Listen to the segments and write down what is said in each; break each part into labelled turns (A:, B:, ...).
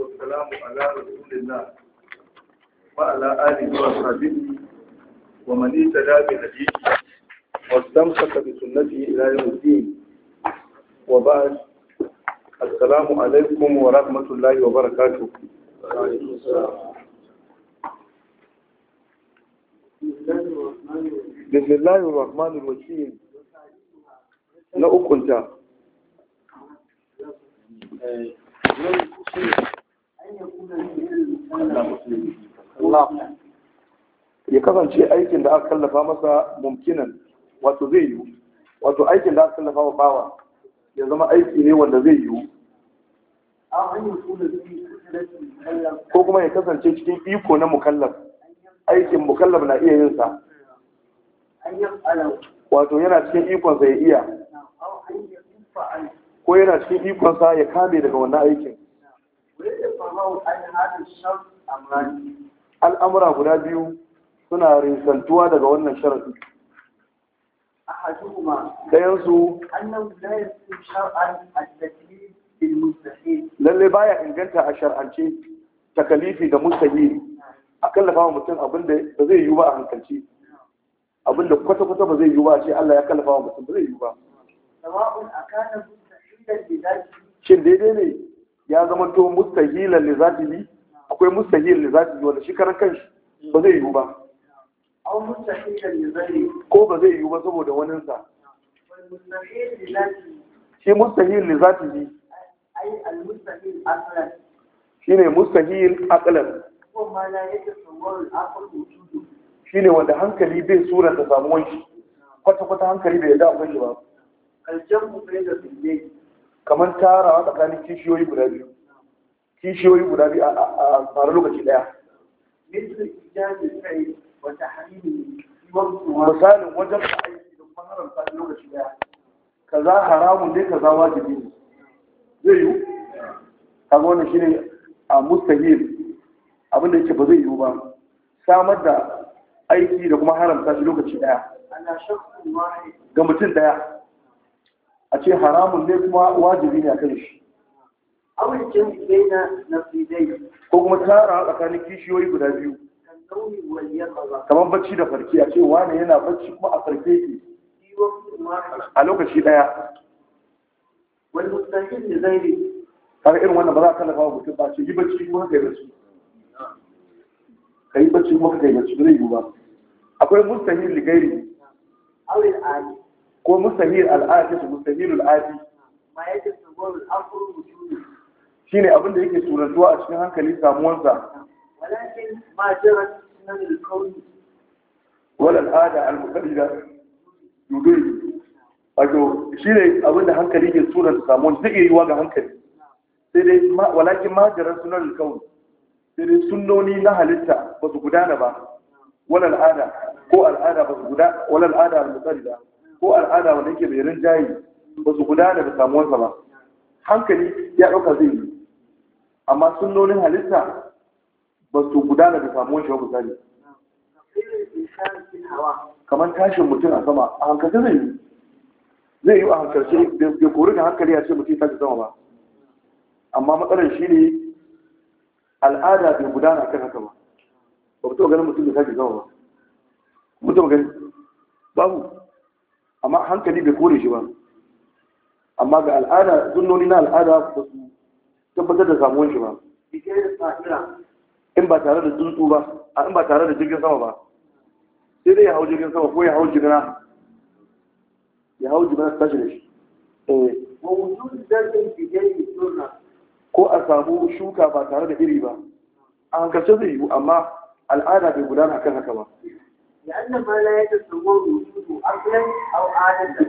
A: والسلام على رسول الله وعلى آله وصحبه ومن يتدى بهديه واستمسك بسنته إلى يوم الدين وبعد السلام عليكم ورحمة الله وبركاته
B: وعليكم السلام
A: بسم الله الرحمن الرحيم na ukunta ya kasance aikin da aka kallafa masa mumkinan wato zai yiwu wato aikin da aka kallafa wa bawa ya zama aiki ne wanda zai yiwu ko kuma ya kasance cikin iko na mukallaf aikin mukallaf na iya yinsa wato yana cikin ikonsa ya iya ko yana cikin ikonsa ya kame daga wannan aikin al'amura guda biyu suna rinsantuwa daga wannan sharafi ɗayansu lalle baya inganta a shar'ance takalifi da mustahi a kallafa wa mutum abin da ba zai yi ba a hankalci abin da kwata-kwata ba zai yi ba ce Allah ya kallafa wa mutum ba zai yi ba shin daidai ne ya zama to mustahilan li zatihi akwai mustahil li zatihi wanda shi karan kanshi ba zai yiwu ba ko ba zai yiwu ba saboda wani shi mustahil ne zatihi ai shi ne mustahil aqlan ko ma wanda hankali bai surar da samuwan shi kwata kwata hankali bai da akwai shi ba kaljan mutane da billahi kamar tarawa tsakanin kishiyoyi guda biyu kishiyoyi guda biyu a faru lokaci daya misalin wajen da aiki da kuma haramta lokaci daya kaza haramun ne kaza wajibi ne zai yiwu kaga wannan shine a mustahil abinda yake ba zai yiwu ba samar da aiki da kuma haramta shi lokaci daya ga mutum daya a ce haramun ne kuma wajibi ne a kan shi
B: awon jami'i bai na nasidai
A: ko kuma tara tsakanin kishiyoyi guda biyu kamar bacci da farki a ce wane yana bacci kuma a farke ke a lokaci ɗaya. wani mustahil ne zai ne kaga irin wannan ba za a tallafa wa mutum ba ce yi bacci kuma kai bacci kai bacci kuma kai bacci zai yi ba akwai mustahil ligairi
B: awon ali
A: ko mustahil al'adi su mustahil al'adi
B: ma yake samuwar al'afur mutum
A: shi ne abin da yake surantuwa a cikin hankali samuwansa
B: walakin ma jira sunan alkauni
A: wal al'ada al-muqaddida yudu wato shi ne abin da hankali ke sunan samuwan zai iya yiwa ga hankali sai dai walakin ma jira sunan alkauni sai dai sunnoni na halitta ba su gudana ba wal al'ada ko al'ada ba su gudana wal al'ada al-muqaddida ko al'ada wanda yake mai rinjaye ba su gudana da samuwarsa ba hankali ya ɗauka zai yi amma sunnonin halitta ba su gudana da samuwar shi ba
B: misali
A: kamar tashin mutum a sama a hankali zai yi zai yi a hankalci da kori da hankali ya ce mutum tashi sama ba amma matsalar shi ne al'ada bai gudana kan haka ba ba mutum ganin mutum da tashi sama ba mutum gani babu amma hankali bai kore shi ba amma ga al'ada zunnoni na al'ada ba su tabbatar da samuwan shi ba in ba tare da tsuntsu ba a in ba tare da jirgin sama ba sai dai ya hau jirgin sama ko ya hau jirgin ya hau jirgin na tashi da shi eh. ko a samu shuka ba tare da iri ba a hankalce zai yiwu amma al'ada bai gudana kan haka ba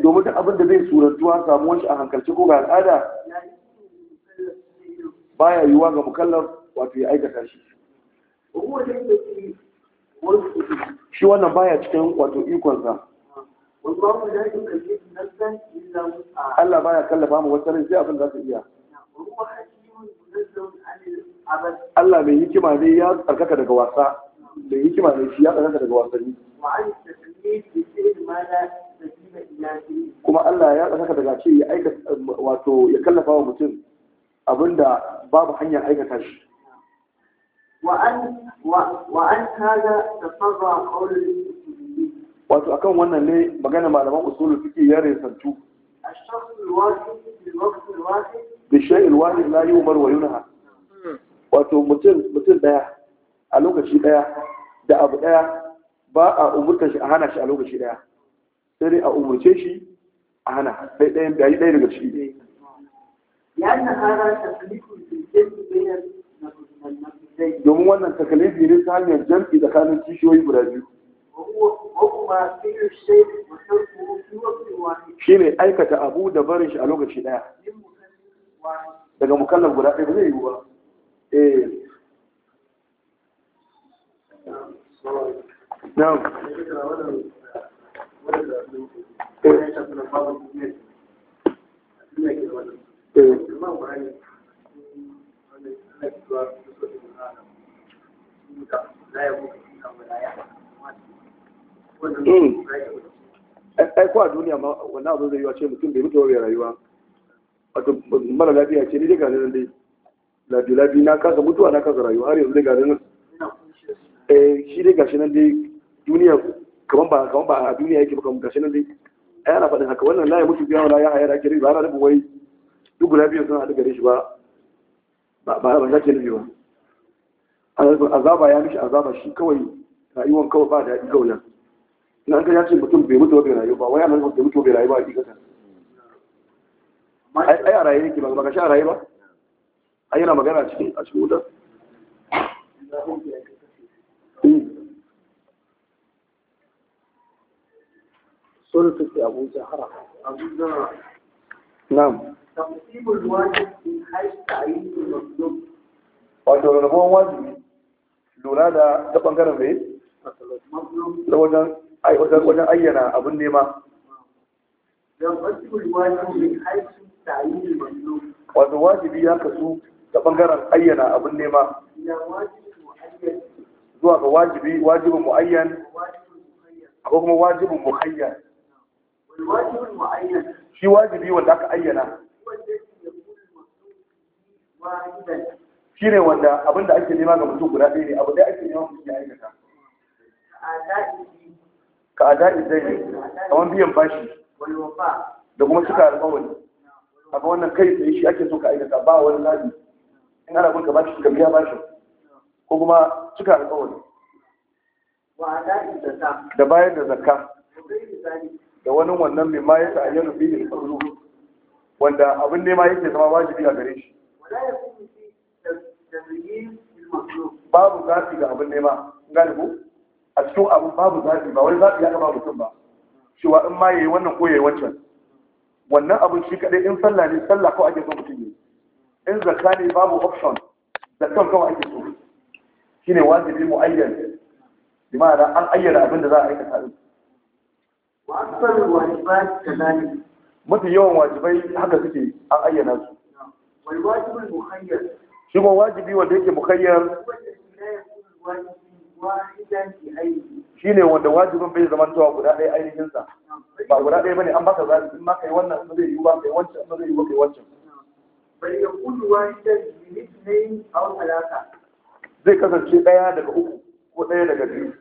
A: domin duk abin zai surantuwa samuwar shi a hankalci ko ga al'ada baya yiwuwa ga mukallaf wato ya aikata shi shi wannan baya cikin wato ikonsa
B: Allah baya kallafa
A: mu wata rai sai abin za su iya Allah mai hikima ne ya tsarkaka daga wasa da hikima mai shi ya tsananta daga wasanni kuma Allah ya tsananta daga ce ya aikata wato ya kallafa wa mutum abinda babu hanyar aikata shi
B: wa'an kaga da farra kawulun
A: wato akan wannan ne magana malaman usulul fiqh ya resantu da shay'il wahid la yumar wa Yunaha. Hmm. wato mutum mutum daya a lokaci ɗaya da abu ɗaya ba a umurta shi a hana shi a lokaci ɗaya sai dai a umurce shi a hana ɗaya ɗaya ɗaya ɗaya daga ciki domin wannan takalifi ne ta hanyar jam'i tsakanin kishiyoyi guda biyu shi ne aikata abu da barin shi a lokaci ɗaya daga mukallaf guda ɗaya ba zai yiwu ba eh. na'am eh. kwa duniya ma wannan abin zai yi ce mutum bai mutuwa rayuwa wato mara lafiya ce ni dai ga nan dai labi labi na kasa mutuwa na kasa rayuwa har yanzu dai ga nan Eh, shi dai gashi nan dai duniya kaman ba kaman ba a duniya yake ba gashi nan dai ai ana faɗin haka wannan laye mutu biya ya haya da ba ana wai duk guda biyu suna da gare shi ba ba ba ba zake nufi ba azaba ya mishi azaba shi kawai rayuwan kawai ba daɗi kawai nan in an ya ce mutum bai mutu bai rayu ba wai ana bai mutu bai rayu ba a ƙiƙatan ai a raye yake ba ba ka sha raye ba ai yana magana a cikin a cikin wuta
B: سورة أبو زهرة أبو نعم تقسيم الواجب من حيث تعيين
A: المطلوب wato rarrabuwan wajibi lura da ta bangaren mai da wajen wajen ayyana abin nema wato wajibi ya kasu ta bangaren ayyana abin nema zuwa ga wajibi wajibin mu'ayyan ko kuma wajibin muhayyan shi wajibi wanda aka ayyana shi ne wanda abinda ake nema ga mutum guda ɗaya ne abu da ake nema mutum ya aikata ka a da'i zai ne wani biyan bashi da kuma suka alƙawari a ga wannan kai tsaye shi ake so ka aikata ba wani zabi in ana bin bashi ka biya bashin ko kuma cika alƙawari
B: da bayar da zakka
A: da wani wannan mai ma ya ayyar rufi da qawlu wanda abin ne ma yake zama wajibi a gare shi babu zafi ga abin nema gane ku a cikin abu babu zafi ba wani zafi ya gaba mutum ba cewa in ma yayi wannan ko yayi wancan wannan abu shi kadai in sallah ne sallah ko ake so mutum yi in zakka ne babu option zakkan kawai ake so shine wajibi mu muayyan bi ma'ana an ayyana abin da za a aikata din
B: wa aksarul
A: wajibat kadhalik mafi yawan wajibai haka suke an ayyana su
B: wal wajibi muhayyar
A: shi kuma wajibi wanda yake muhayyar shi ne wanda wajibin bai zama zuwa guda ɗaya ainihinsa ba guda ɗaya bane an baka zaɓi in ma kai wannan ba zai yi ba kai wancan ba zai yi ba kai wancan bai ya
B: kudu wani da ne a wata
A: zai kasance ɗaya daga uku ko ɗaya daga biyu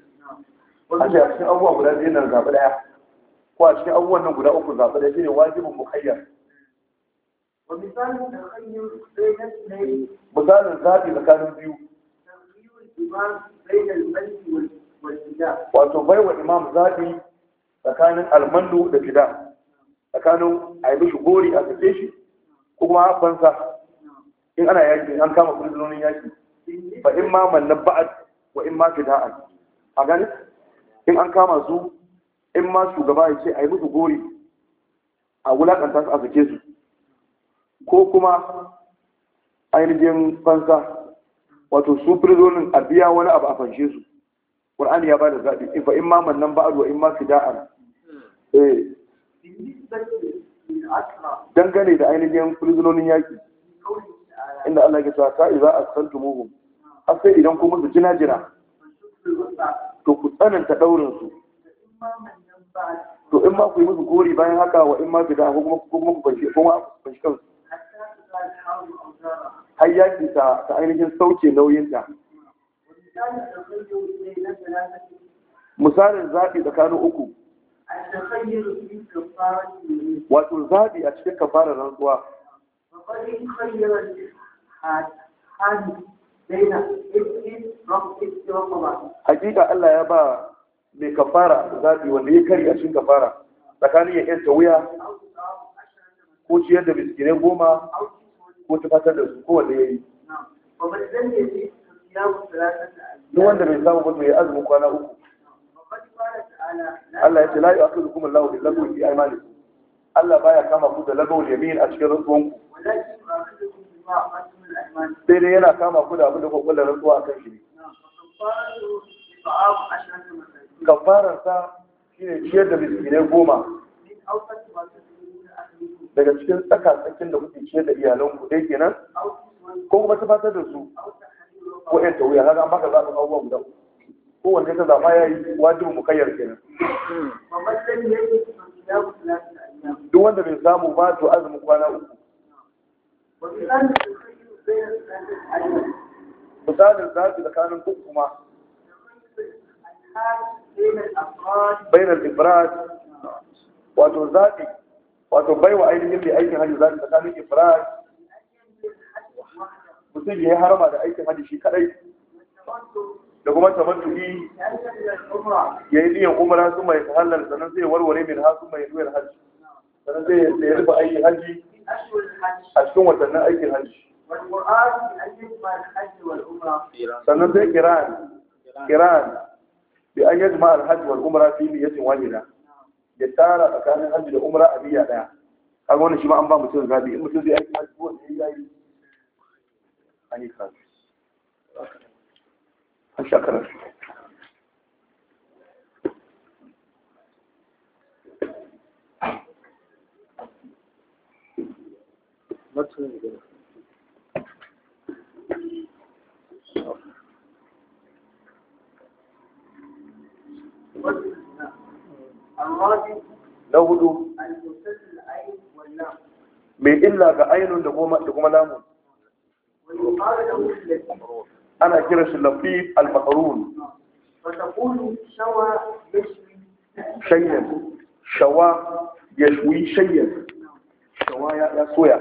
A: a ce a cikin abubuwan guda biyu nan zaɓi ɗaya ko a cikin abubuwan nan guda uku zaɓi ɗaya shine wajibin kayyar misalin zaɓi tsakanin biyu wato bai wa imam zaɓi tsakanin almandu da fida tsakanin a yi mishi gori a tafe shi kuma fansa in ana yaƙi an kama prisonin yaƙi fa in ma mannan ba'ad wa in ma fida'an a gani in an kama su in ma shugaba ya ce a yi musu gori a wulakanta su a sake su ko kuma ainihin fansa wato su prisonin a biya wani abu a fanshe su ƙur'ani ya ba da zaɓi fa in ma mannan ba'ad wa in ma fida'an eh. dangane da ainihin prisonin yaƙi inda Allah ya sa ka iza askaltumuhum A sai idan kuma su jina jina to ku tsananta daurin su to in ma ku yi musu gori bayan haka wa in ma fida ko kuma kuma ku banshi kuma ku banshi kansu har yaki ta ta ainihin sauke nauyinta misalin zaɓi tsakanin uku wato zaɓi a cikin kafarar rantsuwa hakika Allah ya ba mai kafara zaɓi wanda ya karya cin kafara tsakanin ya yanta wuya ko ciyar da miskinai goma ko tufatar da su kowanne ya yi duk wanda mai samun mutum ya azumin kwana uku Allah ya ce a la yu'akhidhukum Allahu bil yi fi aymanikum Allah baya kama ku da lagawul yamin a cikin rantsuwanku sai dai yana kama ku da abin da kwakwallar rantsuwa a kan shi kafararsa shi ne ciyar da miskinai goma daga cikin tsakatsakin da kuke ciyar da iyalanku dai kenan ko kuma tufatar da su ko yan tawuya kaga an baka zaɓin abubuwan guda kowanne ka zaɓa ya yi wajibin mukayyar kenan duk wanda bai samu ba to azumin kwana uku misalin zafi tsakanin kuma bainar ifrad wato zafi wato baiwa ainihin mai aikin hajji zafi tsakanin ifrad mutum ya yi harama da aikin hajji shi kadai da kuma tamattu'i ya yi niyan umara su mai halar sannan zai warware min hasu mai nuyar hajji sannan zai rufe aikin hajji
B: a
A: cikin watannin aikin hajji sannan sai kiran kiran bi an yajma alhajji wal umra fi niyatin wahida ya tara tsakanin hajji da umra a biya ɗaya. kaga wannan shi ma an ba mutum zabi in mutum zai aiki hajji ko ne yayi an yi karatu an sha na hudu mai illa ga ainihin da kuma lamun ana kira shi lafif al-makarun
B: shawa ya shuyi
A: shayyan shawa ya soya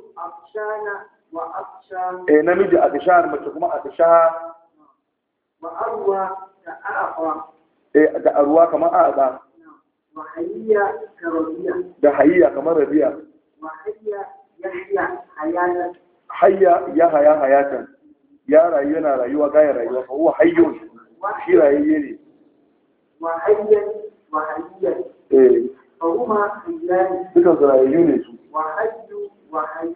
A: E, namiji akshan mace kuma akshan
B: wa da arwa
A: da arwa kamar arwa wa da hayya kamar rabiya
B: wa hayya yahya hayatan
A: hayya hayatan ya rayu yana rayuwa gaya rayuwa fa huwa shi rayayye ne
B: wa hayyan wa hayyan
A: rayayyu ne su
B: wa hayyu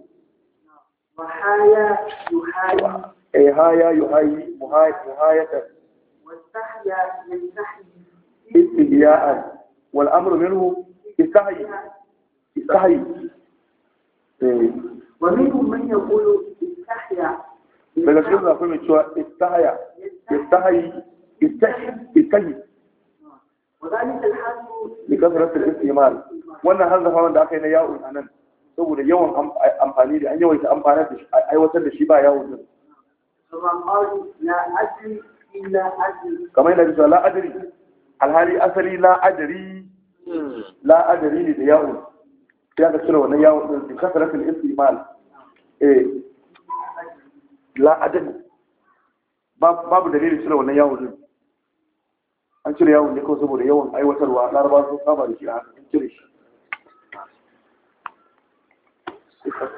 B: وحايا يحايي
A: إيهايا يحايي محاية
B: واستحيا يستحيي
A: استحياء والأمر منه استحي استحي ومنهم من يقول
B: استحيا
A: من الشيخ لا فهم شو استحيا يستحي يستحي
B: وذلك الحال
A: لكثرة الاستعمال وانا هذا هو من داخل ياؤن أنا saboda yawan amfani da an yawaita amfanar da shi aiwatar da shi ba yawon din kamar yana cewa la'adari alhali asali la'adari la'adari ne da yawon ya ga cire wannan yawon din su kasaratin istimal eh la'adari babu dalilin cire wannan yawon din an cire yawon ne kawai saboda yawan aiwatarwa larabawa sun saba da shi a haka cire shi Fatima.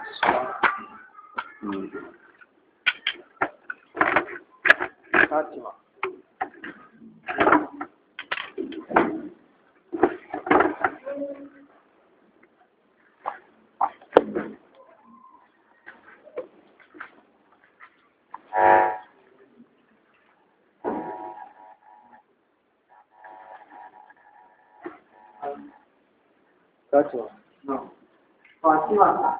B: Fatima. Fatima.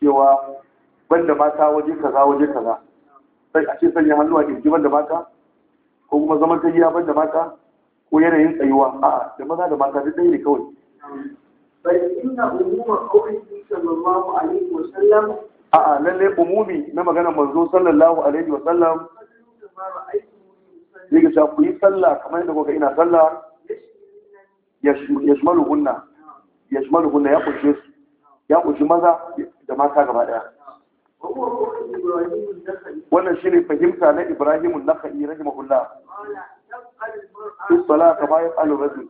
A: cewa ban da mata waje kaza waje kaza sai a ce sanya hannu a ban da mata ko kuma zaman ta ban da mata ko yanayin tsayuwa a'a da maza da mata duk
B: ɗaya ne kawai
A: a'a lallai umumi na maganar manzo sallallahu alaihi wa sallam zai ga ku yi sallah kamar yadda kuka ina sallah ya shmalu hunna ya shmalu hunna ya kunshe su ya kunshi maza da mata gaba daya wannan shine fahimta na Ibrahim an-Nakhai rahimahullah Sala kama ya fa'alu rajul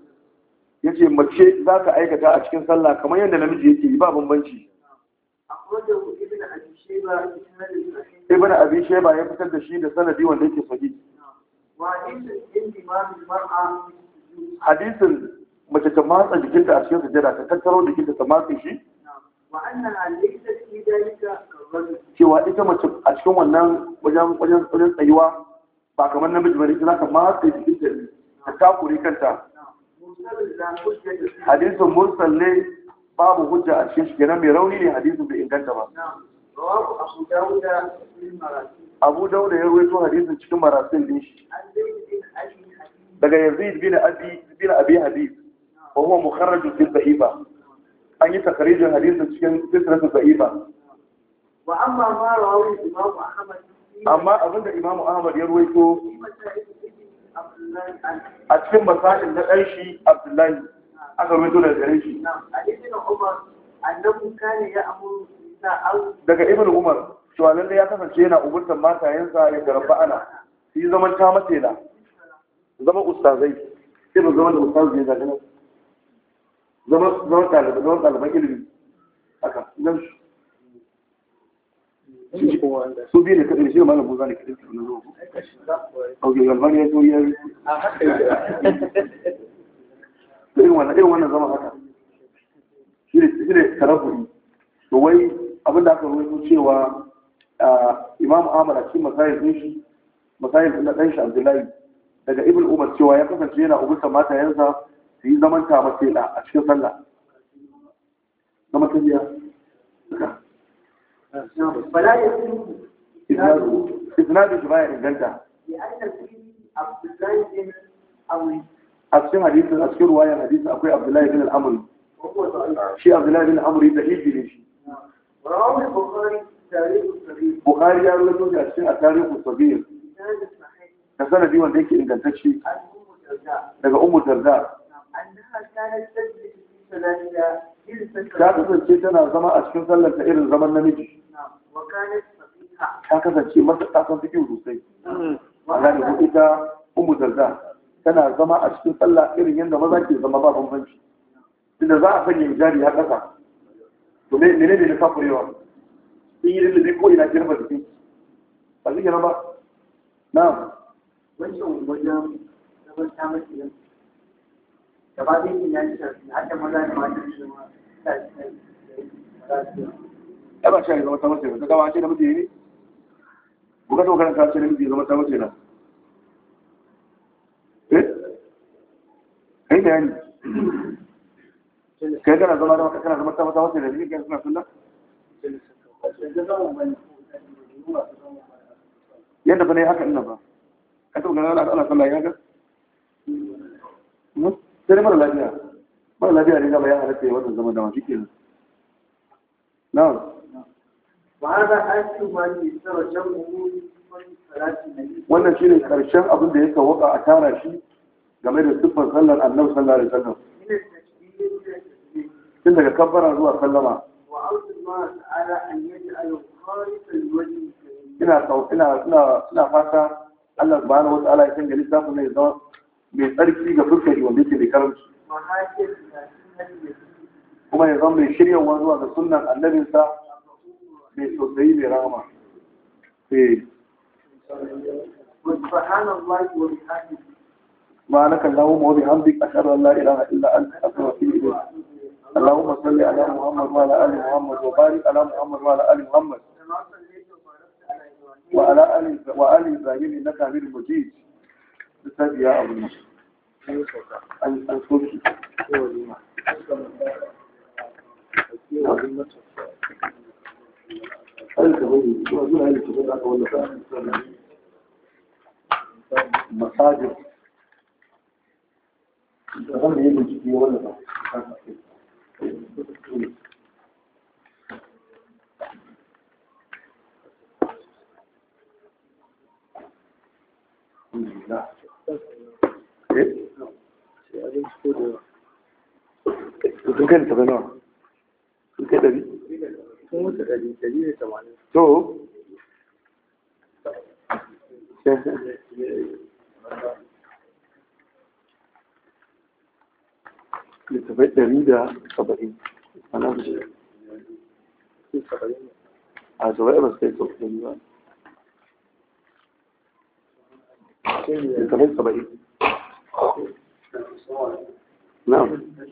A: yace mace za ka aikata a cikin sallah kamar yadda namiji yake yi ba bambanci Ibn Abi sheba ya fitar da shi da sanadi wanda yake sahih hadisin mace ta matsa jikinta a cikin sujada ta tattaro jikinta ta matsa shi cewa ita mace a cikin wannan wajen tsayuwa ba kamar namiji bane za ka matsa jikin ta ta takure kanta hadisin mursal ne babu hujja a cikin shi kenan mai rauni ne hadisin bai inganta ba abu dauda ya ruwaito hadisin cikin marasin din shi daga yazid bin abi bin abi hadis wa huwa mukharraj fi dha'ifa an yi takarijin hadisin cikin sisirasa za'iba
B: wa amma ma rawar imamu ahmad
A: amma abinda imamu ahmad ya ruwaito a cikin masahin na ɗan shi abdullahi aka ruwaito da gare shi daga ibn umar cewa lalle ya kasance yana umurtar matayensa ya garba ana su yi zaman ta matela zama ustazai sai ba zama da ustazai ne daga zama ɗalibai zama ɗaliban ilimi haka nan su biyu da kaɗai shi da malam buza ne kaɗai su na zuwa ok yalban ya zo ya yi irin wannan irin wannan zama haka shi ne karafuri to wai abinda aka rubuto cewa imam ahmad a cikin masayar ɗin shi masayar ɗin na ɗan shi abdullahi daga ibn umar cewa ya kasance yana ubusa matayensa su yi zaman ta mace da a cikin sallah zama ta biya duka isnadu shi baya inganta
B: a cikin
A: hadisin a cikin ruwayan hadisin akwai abdullahi bin al'amuri shi abdullahi bin al'amuri da ne shi Bukhari ya rubuto da cikin a tarihin sabir da sanadi wanda yake ingantacce
B: daga umu darda ta kasance
A: tana zama a cikin sallar ta irin zaman namiji ta kasance masa tasan fikin sosai a da hudu ta umu zarda tana zama a cikin sallah irin yadda maza ke zama ba bambanci inda za a sanya jari ya ƙasa to me ne ne na kafurewa sun yi lullubi ko ina girma da fi. ba zai ba na
B: wancan wajen ta mace gaba ɗaya ina shi har
A: da maza da mata su ma ta shi ta ba shi zama ta mace ta gawa ce da mutane ne buka ta makaranta ce da mutane zama ta mace na eh kai bayani kai kana zama da maka kana zama ta mata mace da mutane suna sunna yadda ba ne haka ina ba ka taɓa ganin ana sallah ya ga sai mara lafiya mara lafiya ne gaba ya halatta wannan zaman da shi kenan na'am
B: wa hada aikin wani tsara jamu wannan
A: shine karshen abin da ya tawaka a tara shi game da siffar sallar annabi sallallahu alaihi wasallam tun daga kabbara zuwa sallama ina ina ina fata Allah subhanahu wa ta'ala ya sanya lissafin ne zama mai tsarki ga fuskar shi wanda karar su kuma ya zama mai shirya zuwa ga sunan annabinsa mai sosai mai rama ma na kan lawo ma wani a shara Allah ila ha illa an ta asara fi ido Allahumma salli ala Muhammad wa ala ali Muhammad wa bari ala Muhammad wa ala ali Muhammad wa ala ali wa ali zahiri na kamil mujiji littafi ya abu ne an soki
B: masajin da zan da yi bincike wanda ba الحمد لله eh sun
A: kai littafai nawa
B: ɗari da tamanin
A: ɗari da saba'in a a saba'in ba su kai saba'in na'am eh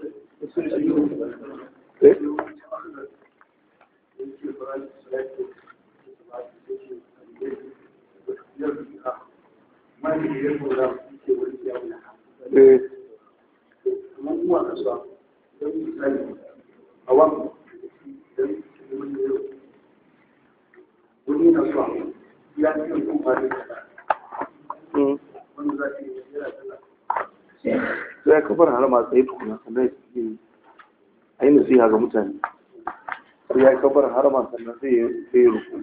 B: ya ce kuma da wanda za ta yi
A: sai ka bar harama tsaye tukuna sannan a yi nasiha ga mutane sai ya ka bar harama sannan sai ya rufu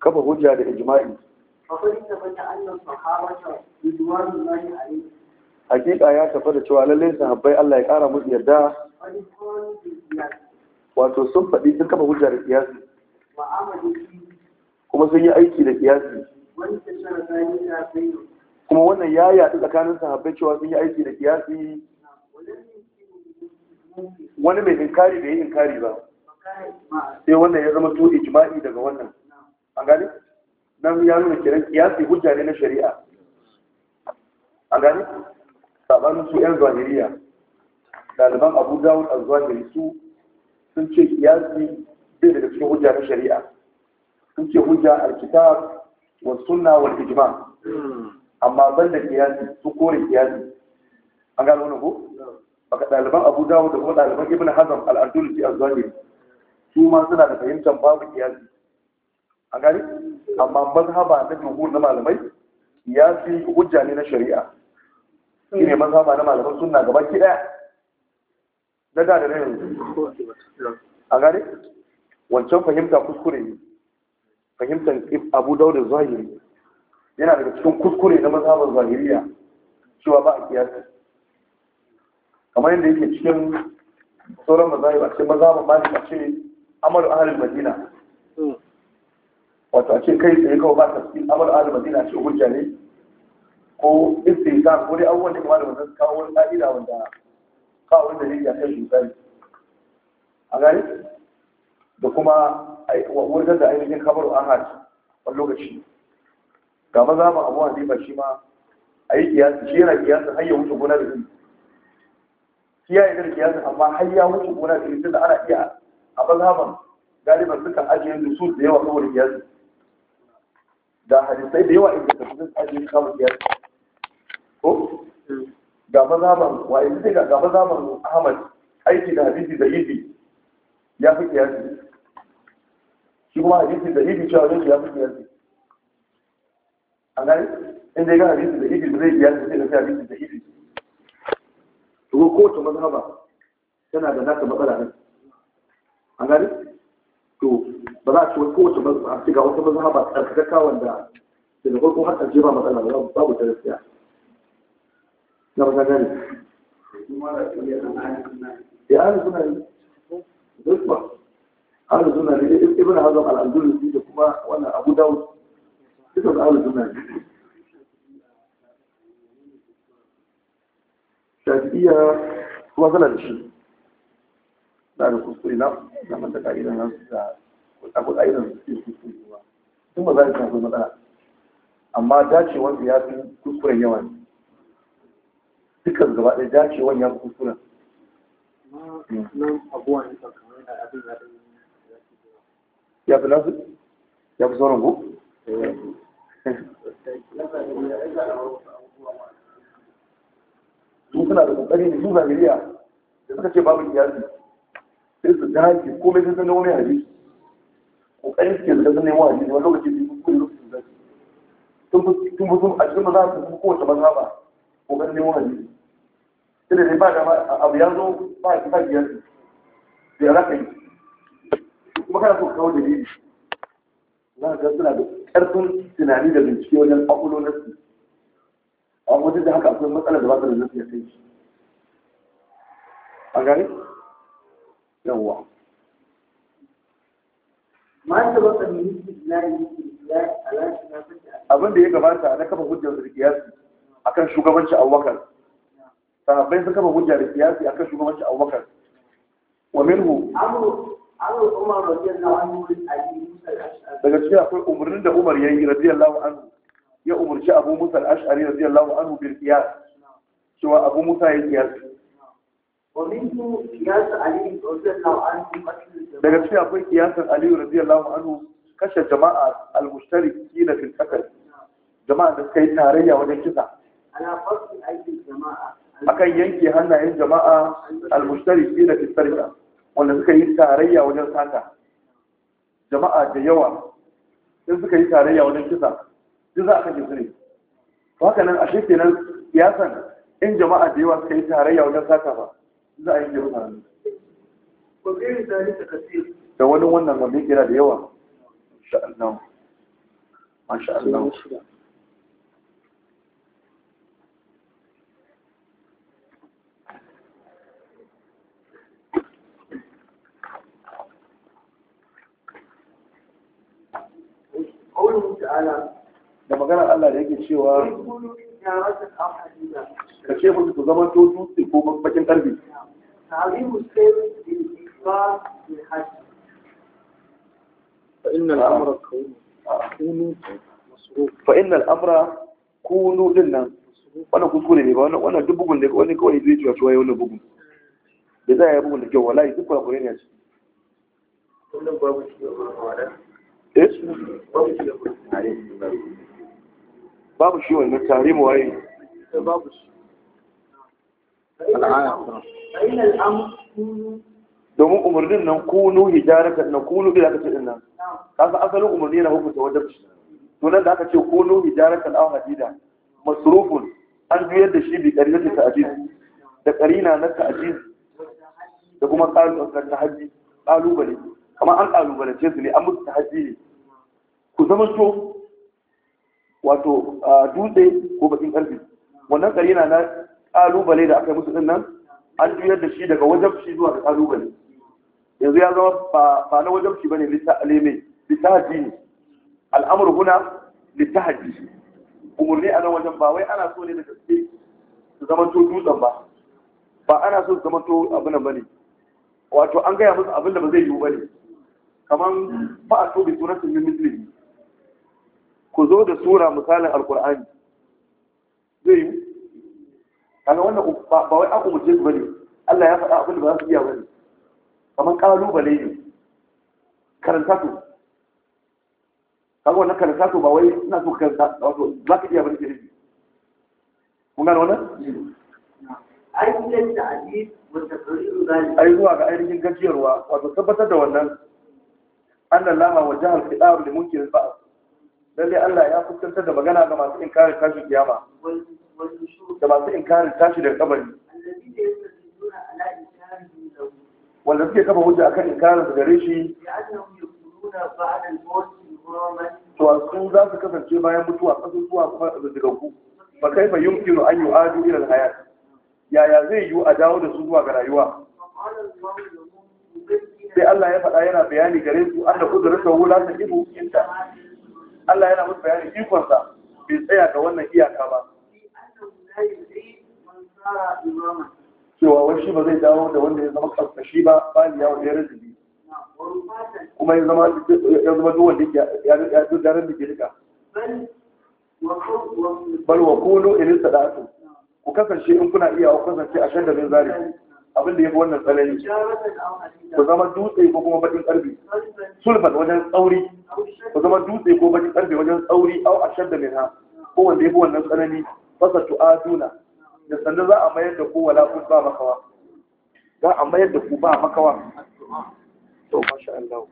A: kafa hujja da ijma'i hakika ya tafi da cewa lallai habbai Allah ya kara musu yarda wato sun faɗi sun kafa hujja da kiyasi kuma sun yi aiki da kiyasi kuma wannan ya yaɗu tsakanin habbai cewa sun yi aiki da kiyasi wani mai inkari bai yi inkari ba sai wannan ya zama to ijma'i daga wannan an gani nan ya nuna kiran kiyasi hujja ne na shari'a an gani sabanin su yan zahiriya daliban abu dawud a zahiri su sun ce kiyasi bai daga cikin hujja na shari'a sun ce hujja alkitab wa sunna wal ijma amma ban da kiyasi su kore kiyasi an gano wani ko baka ɗaliban abu dawud da kuma ɗaliban ibn hazam al-andalusi a zahiri su ma suna da fahimtar babu kiyasi a gari amma mazhaba na jumhur na malamai ya fi hujja ne na shari'a shi ne mazhaba na malamai suna gaba ki daya da da da yanzu a gari wancan fahimta kuskure ne fahimtar abu daudar zahiri yana daga cikin kuskure na mazhabar zahiriya cewa ba a kiyasi kamar yadda yake cikin sauran mazahib a cikin mazhabar ce amalu ahalin madina wato a ce kai tsaye kawai ba cikin amal alim madina ce hujja ne ko ta ko dai abubuwan da malamin sun kawo wani ka'ida wanda kawo wanda ne ya kai sosai a gani da kuma wurin da ainihin kabar ahad wani lokaci ga maza ma abu ba shi ma a yi kiyasi shi yana kiyasi har ya wuce gona da zai yi da kiyasi amma har ya wuce gona da zai tunda ana iya a mazhaban galiban sukan ajiye su da yawa saboda kiyasi ga hadisai da yawa inda ta fi tsaji kamar biyar ko ga mazaban wa yanzu sai ga mazaban ahmad aiki da hadisi da ibi ya fi kiyasi shi kuma hadisi da ibi cewa zai ya fi kiyasi a gani inda ga hadisi da ibi zai kiyasi sai ga hadisi da ibi to ko ta mazhaba tana da nata matsala ne a gani to ba za a ci wani kowace ba a ci ga wata mazhaba ba tsarkakakka wanda daga farko har ƙarshe ba matsala ba babu ta gaskiya na ba ta gane ya ahli suna ne zuwa ahli suna ne ibn hazm al-andalusi da kuma wannan abu dawud duka da ahli suna ne shafi'iyya kuma sana da shi suna da kuskure na manta ka'idan nan su da kusa ka'idan su ke kuskure ruwa. tun ba za ka akwai matsala amma dacewar ya fi kuskuren yawa ne dukkan gaba ɗaya dacewar ya fi kuskuren ya fi nasu ya fi sauran ku? Eh. sun suna da kokari da su zagiriya da suka ce babu kiyasi sai su dace komai sai sanar wani hadisi kokarin suke da sanar wani hadisi wani lokaci su kuma lokacin da tun fi sun a maza su kuma kowace maza ba ne wani hadisi sai da ba da abu ya zo ba ki ba ki da ya raka yi kuma kana so kawo dalili za ka suna da ƙarfin tunani da bincike wajen ƙwaƙwalo na su a wajen da haka akwai matsalar da ba ta da nasu ya kai shi a gani yawwa abin da ya gabata na kafa hujjar da kiyasi akan shugabanci abubakar sahabbai sun kafa hujjar da kiyasi akan shugabanci abubakar wa minhu daga cikin akwai umarnin da umar ya yi radiyallahu anhu ya umarci abu musa al-ash'ari radiyallahu anhu bil qiyas cewa abu musa ya kiyasi daga cikin akwai kiyasan aliyu radiyallahu anhu kashe jama'a al-mushtari kila fil qatl jama'a da suka yi tarayya wajen kisa akan yanke hannayen jama'a al-mushtari kila fil sarqa wanda suka yi tarayya wajen sata jama'a da yawa sun suka yi tarayya wajen kisa duk za a kashe su ne to haka nan a shi kenan kiyasan in jama'a da yawa suka yi tarayya wajen sata ba za a yi yau da wani wannan wanda yake da yawa
B: masha Allah masha
A: da maganar Allah da yake cewa ka ce ku zama to dutse ko bakin ƙarfi
B: تعليم السير
A: فإن الأمر كونوا مصروف فإن الأمر لنا wannan kuskure ne ba wannan duk bugun da wani kawai zai ciwa ciwa wannan bugun da za a yi bugun da kyau wallahi duk kurakure ne a ciki
B: wannan babu shi
A: babu shi wannan tare mu waye babu shi domin umarnin nan kunu hijaraka na kunu bi da aka ce din nan ka asalin umarni yana hukunta wajabci to nan da aka ce kunu hijaraka aw hadida masrufun an juyar da shi bi karinatu ta'jiz da karina na ta'jiz da kuma qalu na haji kalubale amma an kalubalance su ne an musu tahaddi ne ku zama to wato dutse ko bakin karfi wannan karina na kalubale da aka yi musu dinnan an juyar da shi daga wajabci zuwa ga kalubale yanzu ya zama ba na wajabci bane litalimi litahaji ne al'amur huna litahaji umarni a nan wajen ba wai ana so ne da gaske su zama to dutsen ba ba ana so su zama to abin nan bane wato an gaya musu abin da ba zai yiwu bane kamar ba a so bai sunan sun yi ku zo da sura misalin alkur'ani zai yiwu kana wannan ba wai aku mutum ba ne Allah ya faɗa abin da ba za su iya ne kamar ba ne karanta to kaga wannan karanta to ba wai ina so karanta wato za ka iya ba ne ke nufi kun gano wannan ai zuwa ga ainihin gajiyarwa wato tabbatar da wannan an da lama wa jihar fiɗaru da munkin ba'a lalle Allah ya fuskantar da magana ga masu inkarin kashin kiyama da masu inkarin tashi daga kabari wanda suke kafa hujja akan inkarin su gare shi to su za su kasance bayan mutuwa zuwa kuma Ba kai fa kaifa yumkinu an yi ila al-hayat yaya zai yiwu a dawo da su zuwa ga rayuwa sai Allah ya faɗa yana bayani gare su an da kudurin shawu wula ta ibu inda Allah yana musu bayani ikonsa bai tsaya ga wannan iyaka ba cewa wai shi ba zai dawo da wanda ya zama karkashi ba ba ya yawo ya rajin kuma ya zama ya zama duk wanda ya ya duk daren da ke rika
B: bal wa kunu
A: ilin sadatu ku kasance in kuna iya ku kasance a shan da bin zari abin da ya fi wannan tsanani ku zama dutse ko kuma bakin karfe sulfan wajen tsauri ku zama dutse ko bakin karfe wajen tsauri au a shan da min ha ko wanda ya fi wannan tsanani fasa tu'aduna da sannan za a mayar da ku wala kun ba makawa za a mayar da ku ba makawa to masha Allah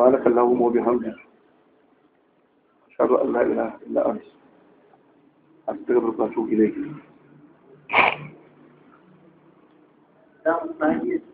A: سبحانك اللهم وبحمدك أشهد أن لا إله إلا أنت أستغفرك وأتوب
B: إليك